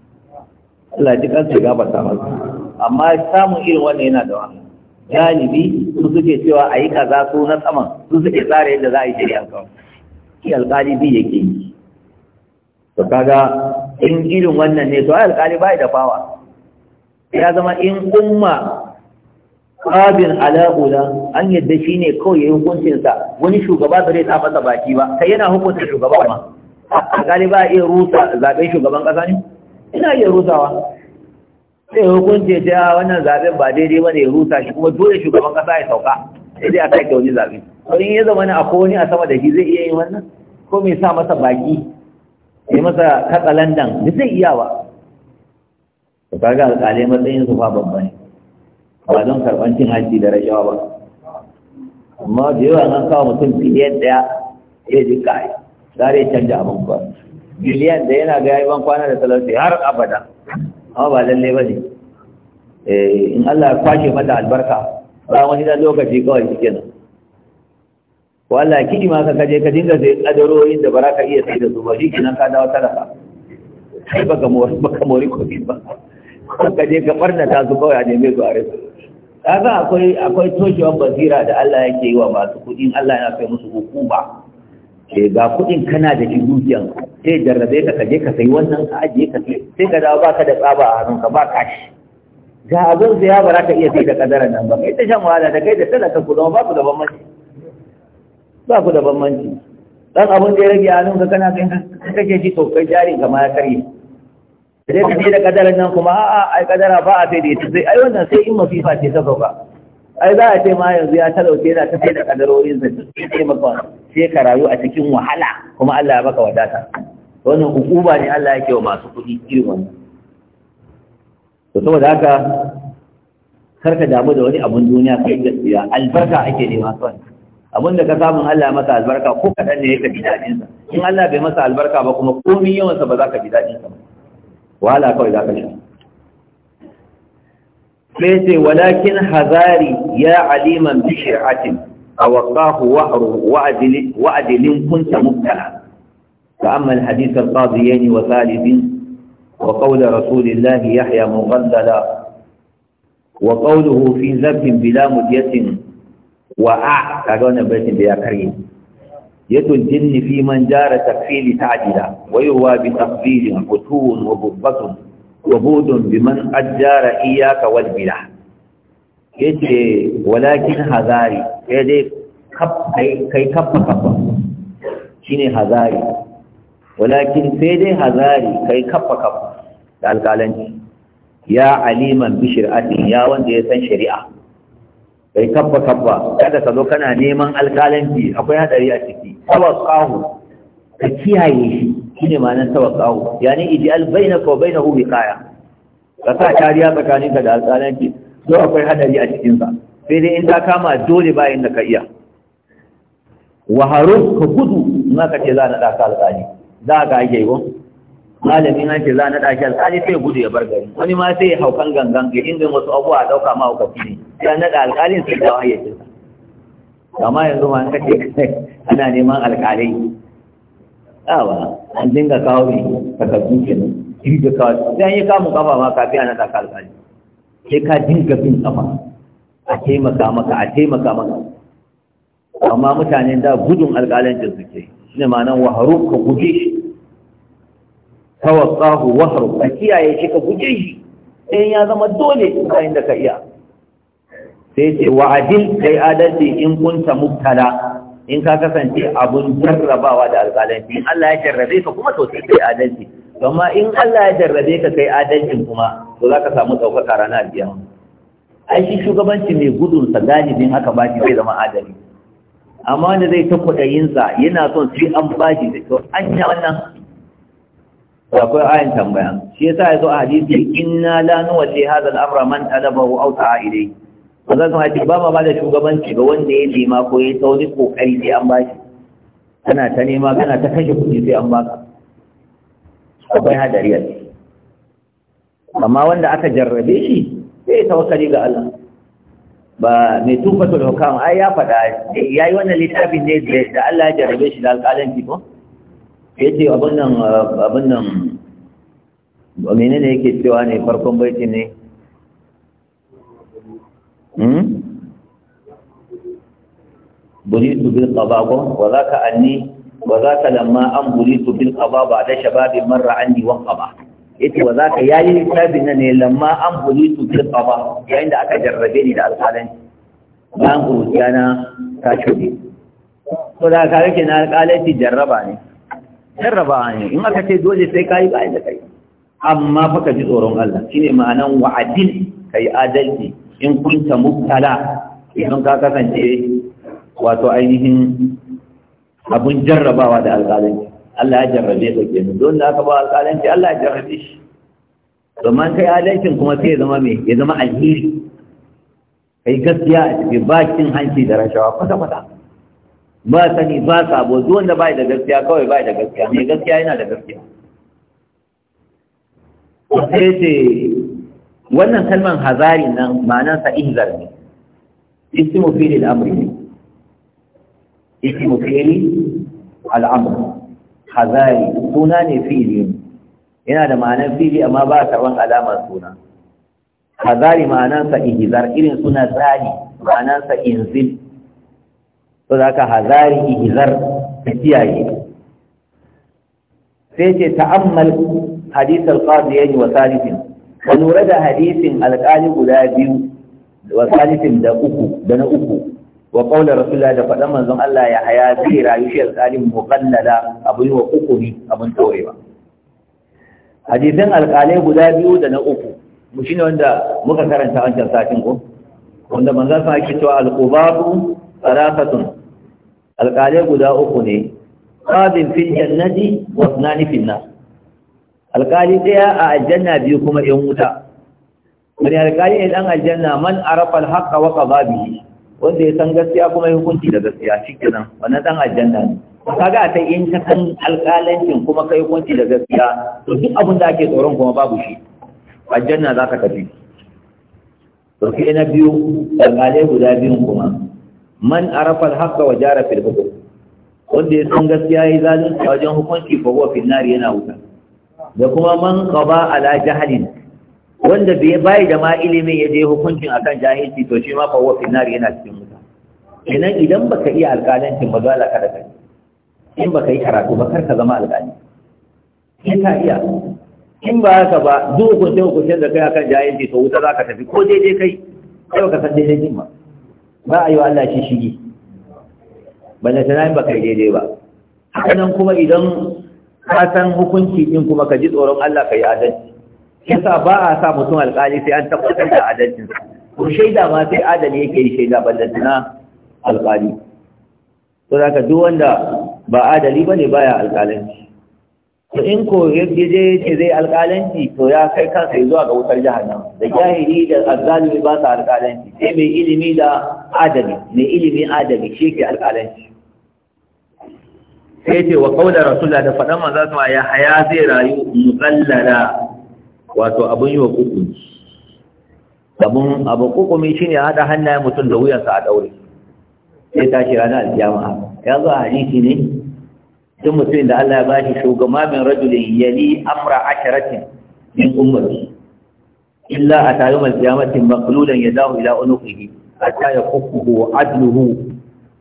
Allah ji kan sai gafarta maka amma samun irin wannan yana da wani galibi su suke cewa a yi kaza su na saman su suke tsara yadda za a yi shari'a kawai shi alƙali bi yake yi to kaga in irin wannan ne to ai alƙali bai da fawa ya zama in umma qabin ala an yadda shi ne kawai yi hukuncinsa wani shugaba bare zai fasa baki ba kai yana hukunta shugaba ma a galiba iya rusa zaɓen shugaban ƙasa ne ina iya rusawa sai hukunce ta ah, wannan zaben ba daidai bane ya rusa shi kuma dole shugaban ƙasa ya sauka sai dai a sake wani zaɓe. to in ya zama ne a kowani a sama da shi zai iya yin wannan ko me sa masa baki ya masa katsalandan ba zai iya ba Ka kaga alƙalai matsayin su fa babba ne ba don karɓar cin hajji da rashawa ba amma da yawa an kawo mutum biliyan ɗaya ya ji yi tsari canja abin ba biliyan da yana ga yayin kwana da talauci har abada amma ba lalle ba ne eh, in Allah ya kwashe mata albarka ba wani da lokaci kawai cikin nan. wala kidi ma ka kaje ka dinga sai kadarorin da baraka iya sai da su ba shikenan ka dawo talaka sai baka mori baka mori ko ba ka je ka barnata su kawai a neme su a rasa kaga akwai akwai toshewar basira da Allah yake yi wa masu kuɗi Allah yana kai musu hukuma ke eh, ga kuɗin kana da shi dukiyan sai jarrabe ka kaje ka sai wannan ka ajiye ka sai sai ka dawo baka da tsaba a hannunka ba kashi ga abin sai ya bara ka iya sai da kadaran nan ba kai ta shan wahala da kai da talaka ku zama ba ku da bambanci ba ku da bambanci dan abin da ya rage a hannunka kana kai kake ji to kai jarin ka ma ya karye sai ka ce da kadarin nan kuma a'a ai kadara ba a sai da ita sai ai wannan sai in masifa ce ta sauka ai za a ce ma yanzu ya talauce yana ta sai da kadarorin sa sai maka sai ka rayu a cikin wahala kuma Allah ya baka wadata wannan hukuma ne Allah yake wa masu kuɗi irin wannan to saboda haka kar ka damu da wani abun duniya kai gaskiya albarka ake nema kawai abin da ka samu Allah ya masa albarka ko kaɗan ne ya ka ji daɗinsa in Allah bai masa albarka ba kuma komi yawansa ba za ka ji daɗinsa ba wahala kawai za ka sha sai ce walakin hazari ya aliman bi shi'atin a waqahu wa'ru wa'adilin kunta mubtala fa amma al-hadith al-qadiyayn wa thalibin وقول رسول الله يحيى مغللا وقوله في ذنب بلا مدية وأع كأجونا بيت بلا كريم يد الجن في من جار تكفيل تعدلا ويروى بتفضيل فتون وبضة وبود بمن أجار إياك والبلا يجي ولكن هذاري يجي كب كي كب كب شيني هذاري ولكن سيدي هذاري كي كب كب القالنج يا عليما بشرعتي يا وند يسن شريعه kai kabba kabba kada ka zo kana neman alƙalanci akwai hadari a ciki tawaqahu ka kiyaye shi shine ma'anar tawaqahu yani ij'al bainaka wa bainahu wiqaya ka sa kariya ka da alƙalanci to akwai hadari a cikin sa sai dai in ta kama dole bayan da ka iya wa haruf ka gudu in ka ce za a naɗa ka alƙali za ka ake yiwu malamin na ce za a naɗa shi alƙali sai gudu ya bar gari wani ma sai ya haukan gangan ga inda wasu abubuwa a ɗauka ma hukaci ne sai naɗa alƙalin sai da wahayyacin sa kama yanzu ma ka ce ana neman alƙalai awa an dinga kawo ne takardu kenan dinga kawo sai an yi kamun kafa ma kafi ana da alƙali sai ka dinga bin kafa a taimaka maka a taimaka maka amma mutane da gudun alƙalancin suke shine nan waharu ka guje shi tawassahu waharu ka kiyaye shi ka guje shi Sai ya zama dole kayan da ka iya sai ce wa adil kai adalci in kunta mubtala in ka kasance abun jarrabawa da alƙalanci in Allah ya jarrabe ka kuma to sai kai adalci amma in Allah ya jarrabe ka kai adalcin kuma to za ka samu ɗaukaka ranar biyar ai shi shugabanci mai gudun sa galibin haka ba shi zai zama adali amma wanda zai ta yin sa yana son sai an ba da kyau an ya wannan akwai ayin tambaya shi yasa yazo a hadisi inna la nuwalli hadha al-amra man talabahu aw ta'a ilayhi wanzan sun haiti ba ma ba da shugabanci ga wanda ya nema ko ya ta wani kokari sai an bashi kana ta nema kana ta kashe kuɗi sai an baka akwai hadari a amma wanda aka jarrabe shi sai tawakkali ga Allah ba mai da hukam ai ya faɗa yi wannan littafin ne da Allah ya jarrabe shi da alƙalanci ko ce abin nan abin nan menene yake cewa ne farkon baiti ne Hmm? buritu bil qababa wa zaka anni wa zaka lamma an buritu bil qababa da shababi marra anni wa qaba yace wa zaka yayi sabin ne lamma an buritu bil qaba yayin da aka jarrabe ni da alƙalanci nan kuruciya na ta shuɗe ko da ka yake na alƙalanci jarraba ne jarraba ne in aka ce dole sai kai ba da kai amma fa ka ji tsoron Allah shine ma'anan wa'adin kai adalci in kunta mubtala idan ka kasance wato ainihin abun jarrabawa da alƙalanci Allah ya jarrabe ka kenan don da aka ba alƙalanci Allah ya jarrabe shi domin kai adalcin kuma sai ya zama me ya zama alheri kai gaskiya a cikin bakin hanci da rashawa kwata-kwata ba sani ba sabo duk wanda bai da gaskiya kawai bai da gaskiya Me gaskiya yana da gaskiya sai ce wannan kalman hazari nan ma'anansa ihzar ne ismu fi lil amri ne ismu fi al-amr hazari suna ne ne. yana da ma'anar fi'ili amma ba ta wan alama suna hazari ma'anansa ihzar irin suna tsari ma'anansa inzil to zaka hazari ihzar tiyaye sai ce ta'ammal hadith al-qadi wa thalithin ka lura da hadisin alƙali guda biyu wa salifin da uku da na uku wa qaular rasulullah da faɗan manzon Allah ya haya zai rayu shi alƙalin muqallala abu wa uku ukuri abun taurewa hadisin alƙalai guda biyu da na uku mu shine wanda muka karanta wancan satin ko wanda manzon sa yake cewa alqubabu salatatun alƙalai guda uku ne qadin fil jannati wa ithnani fil nar alƙali ɗaya a aljanna biyu kuma ‘yan wuta wani alƙali ne ɗan aljanna man arafal haƙa wa ƙaba biyu wanda ya san gaskiya kuma ya hukunci da gaskiya shi nan. wannan ɗan aljanna ne Ka ga ta yin ta san alƙalancin kuma ka hukunci da gaskiya to duk abin da ake tsoron kuma babu shi aljanna za ka tafi to sai na biyu alƙalai guda biyun kuma man arafal haƙa wa jara fil wanda ya san gaskiya ya yi zalunci wajen hukunci fa huwa finnari yana wuta da kuma man qaba ala jahlin wanda bai bai da ma ilimin ya je hukuncin akan jahilci to shi ma fa wa finnar yana cikin wuta idan idan baka iya alƙalancin ba za ka da kai in baka yi karatu ba kar ka zama alƙali in ka iya in ba haka ba duk hukunce hukuncen da kai akan jahilci to wuta za ka tafi ko daidai kai kai ka san daidai din ba ba a yi wa Allah shi shigi balle tana in baka yi daidai ba haka nan kuma idan ka san hukunci din kuma ka ji tsoron Allah ka yi adalci yasa ba a sa mutum alƙali sai an tabbatar da adalcin ko shaida ma sai adali yake yi shaida ballantana alƙali to ka duk wanda ba adali bane baya alƙalanci to in ko yaje je je zai alƙalanci to ya kai kan kansa zuwa ga wutar jahannama da jahili da azzalimi ba sa alƙalanci sai mai ilimi da adali mai ilimi adali shi ke alƙalanci sai ce wa kaular rasulullah da faɗan manzo sama ya haya zai rayu mukallala wato abun yi wa hukunci abun abu hukumi shine hada hannayen mutum da wuyansa a daure sai ta ranar alkiyama haka ya zo a hadisi ne duk mutum da Allah ya ba shi shugaba min rajulin yali amra asharatin min ummati illa a tayyum alkiyamati maqlulan yadahu ila unuqihi hatta yakuffuhu wa adluhu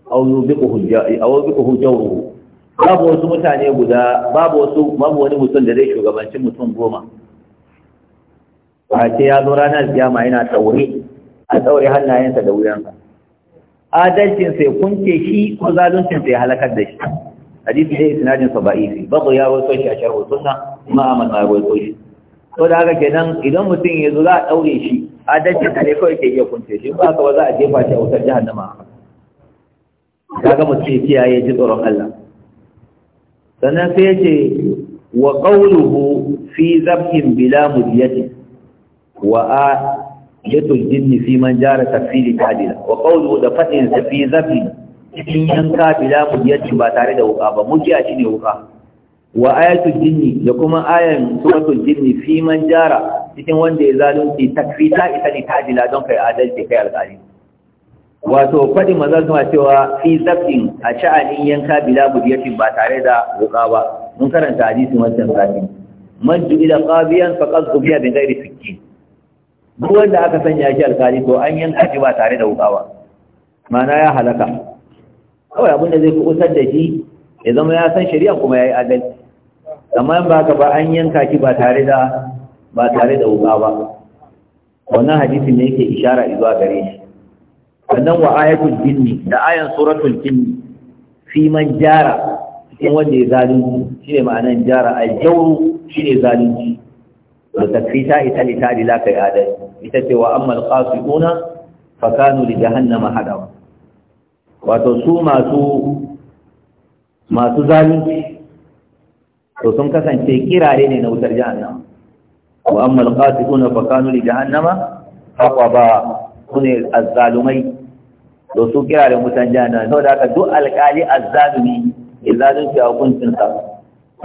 aw yubiquhu aw yubiquhu jawruhu babu wasu mutane guda babu wasu babu wani mutum da zai shugabanci mutum goma ba ce ya zo ranar kiyama yana tsaure a tsaure hannayensa da wuyansa adalcin sai kunce shi ko zaluncin sai halakar da shi hadisi dai sinadin sa ba'ifi babu ya rawaito shi a sharhu sunna kuma amal ma rawaito shi to da haka kenan idan mutum ya zo za a daure shi adalcin sa ne kawai ke iya kunce shi ba ka ba za a jefa shi a wutar jahannama ga mutum ya kiyaye ji tsoron Allah sannan sai yace wa qawluhu fi zabhin bila mudiyati wa a yatul jinni fi man jara tafsiri kadila wa qawluhu da fadin sa fi zabhin cikin yanka bila mudiyati ba tare da wuka ba mudiya shine wuka wa ayatul jinni da kuma ayan suratul jinni fi man jara cikin wanda ya zalunci takfita ita ne kadila don kai adalci kai alƙali wato faɗi mazan suna cewa fi zabin a sha'anin yanka bila budiyatin ba tare da wuka ba mun karanta hadisi wancan sati man ila qabiyan faqad qubiya bi ghairi fikki duk wanda aka sanya shi alkali to an yanka shi ba tare da wuka ba ma'ana ya halaka kawai abin da zai kubutar da shi ya zama ya san shari'a kuma ya yi adalci amma in ba ka ba an yanka shi ba tare da ba tare da wuka ba wannan hadisin ne yake ishara zuwa gare shi sannan wa ayatul jinni da ayan suratul jinni fi man jara cikin wanda ya zalunci ne ma'anan jara jauru shi ne zalunci da takfita ita li ta la kai adai ita ce wa Amma qasituna fa kanu li jahannama hadawa wato su masu masu zalunci to sun kasance kirare ne na wutar jahannama wa ammal qasituna fa kanu li jahannama ba kune azzalumai to su kira da mutan jahannama saboda haka duk alƙali azzalumi illazin fi hukuncin sa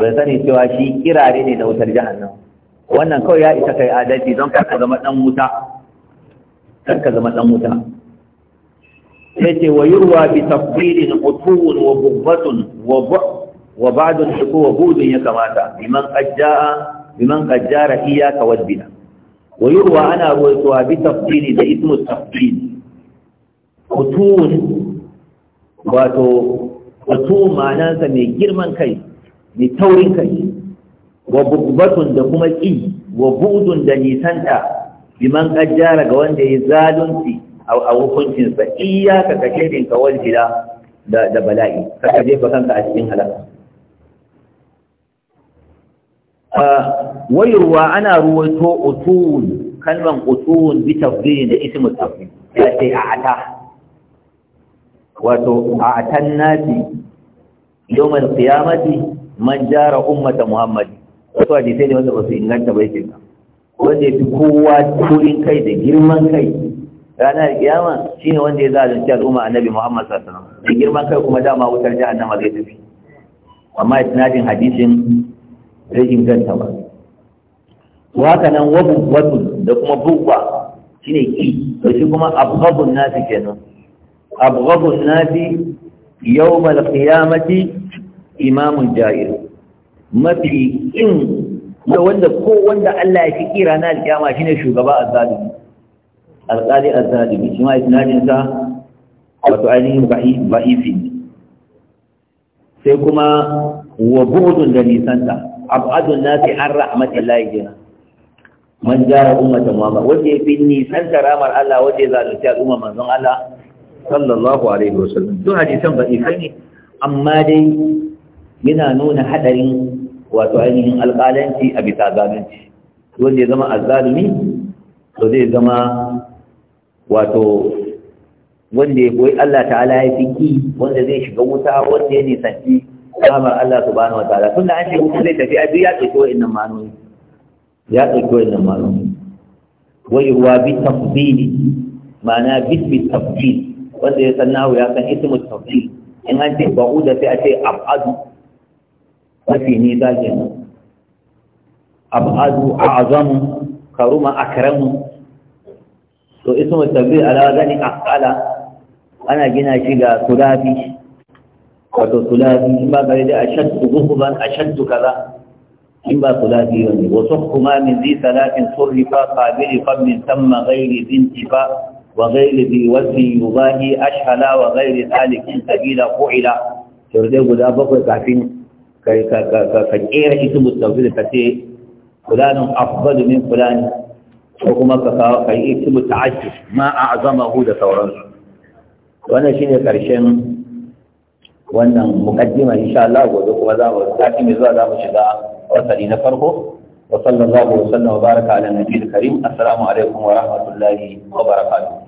bai sani cewa shi kirare ne na wutar jahannan. wannan kawai ya isa kai adalci don karka zama dan wuta karka zama dan wuta sai ce wa yurwa bi tafsirin utuwun wa bubbatun wa bu'd wa ba'dun shuku wa budun ya kamata biman qajjaa biman qajjara iyyaka wadbina wa yurwa ana ruwaitowa bi tafsiri da ismu tafsiri kutun wato kutun ma'anarsa mai girman kai mai taurin kai wa bukbatun da kuma ƙi wa budun da nisanta biman kajjara ga wanda ya zalunci a hukuncinsa iyaka ka din wal fila da bala'i kaka jefa kanka a cikin halaka wayarwa ana ruwaito utun kalman utun bi tafdiri da ismu tafdiri ya ce a ata wato a tan nasi yawmal qiyamati man jara ummata muhammad wato sai ne wanda ba su inganta ba yake wanda ya fi kowa turin kai da girman kai ranar kiyama shine wanda ya zalunci al'umma annabi muhammad sallallahu alaihi wasallam da girman kai kuma dama wutar jahannama zai tafi amma isnadin hadisin zai inganta ba to haka nan wabu wabu da kuma bugwa shine ki to shi kuma abhabun nasi kenan أبغض الناس يوم القيامة إمام جائر ما في إن wanda wanda Allah ya fi kira na alkiyama shine shugaba azzalimi alqali azzalimi shi ma isnadin sa wato ainihin ba'ifi sai kuma wa bu'dun da nisanta ab'adun nasi an rahmatillahi jina man jara ummata muhammad wanda ya fi nisanta ramar Allah wanda zalunci al'umma manzon Allah sallallahu alaihi wasallam duk hadisan ba ifai ne amma dai yana nuna hadarin wato ainihin alƙalanci a bisa zalunci wanda ya zama azzalumi to zai zama wato wanda ya koyi Allah ta'ala ya fi ki wanda zai shiga wuta wanda ya nisanci kamar Allah subhanahu wa ta'ala tunda an ce wuta zai tafi a biya ɗauki wa'innan manomi. ya ɗauki wa'innan manomi. wai ruwa bi tafdili ma'ana bit bi tafdili wanda ya san nahu ya san ismu tawhid in an ce da sai a ce abadu mafi ni za ke nan abadu azamu karuma akramu to ismu tawhid ala gani akala ana gina shi ga sulabi wato sulabi in ba gare da ashaddu zuhuban ashaddu kaza in ba sulabi wani wasu kuma min zi salatin surrifa qabili min tamma ghairi zintifa وغير ذي وجه يباهي أشهلا وغير ذلك سبيلا فعلا شرطي قد أبقى كافين كجير اسم التوحيد كتي فلان أفضل من فلان وكما كي اسم التعجب ما أعظمه ده ثوران وانا شيني كرشن وانا مقدمة إن شاء الله ودوكم هذا وكاتم الزوء هذا مشغاء وصلينا فرقه وصلى الله وسلم وبارك على النبي الكريم السلام عليكم ورحمة الله وبركاته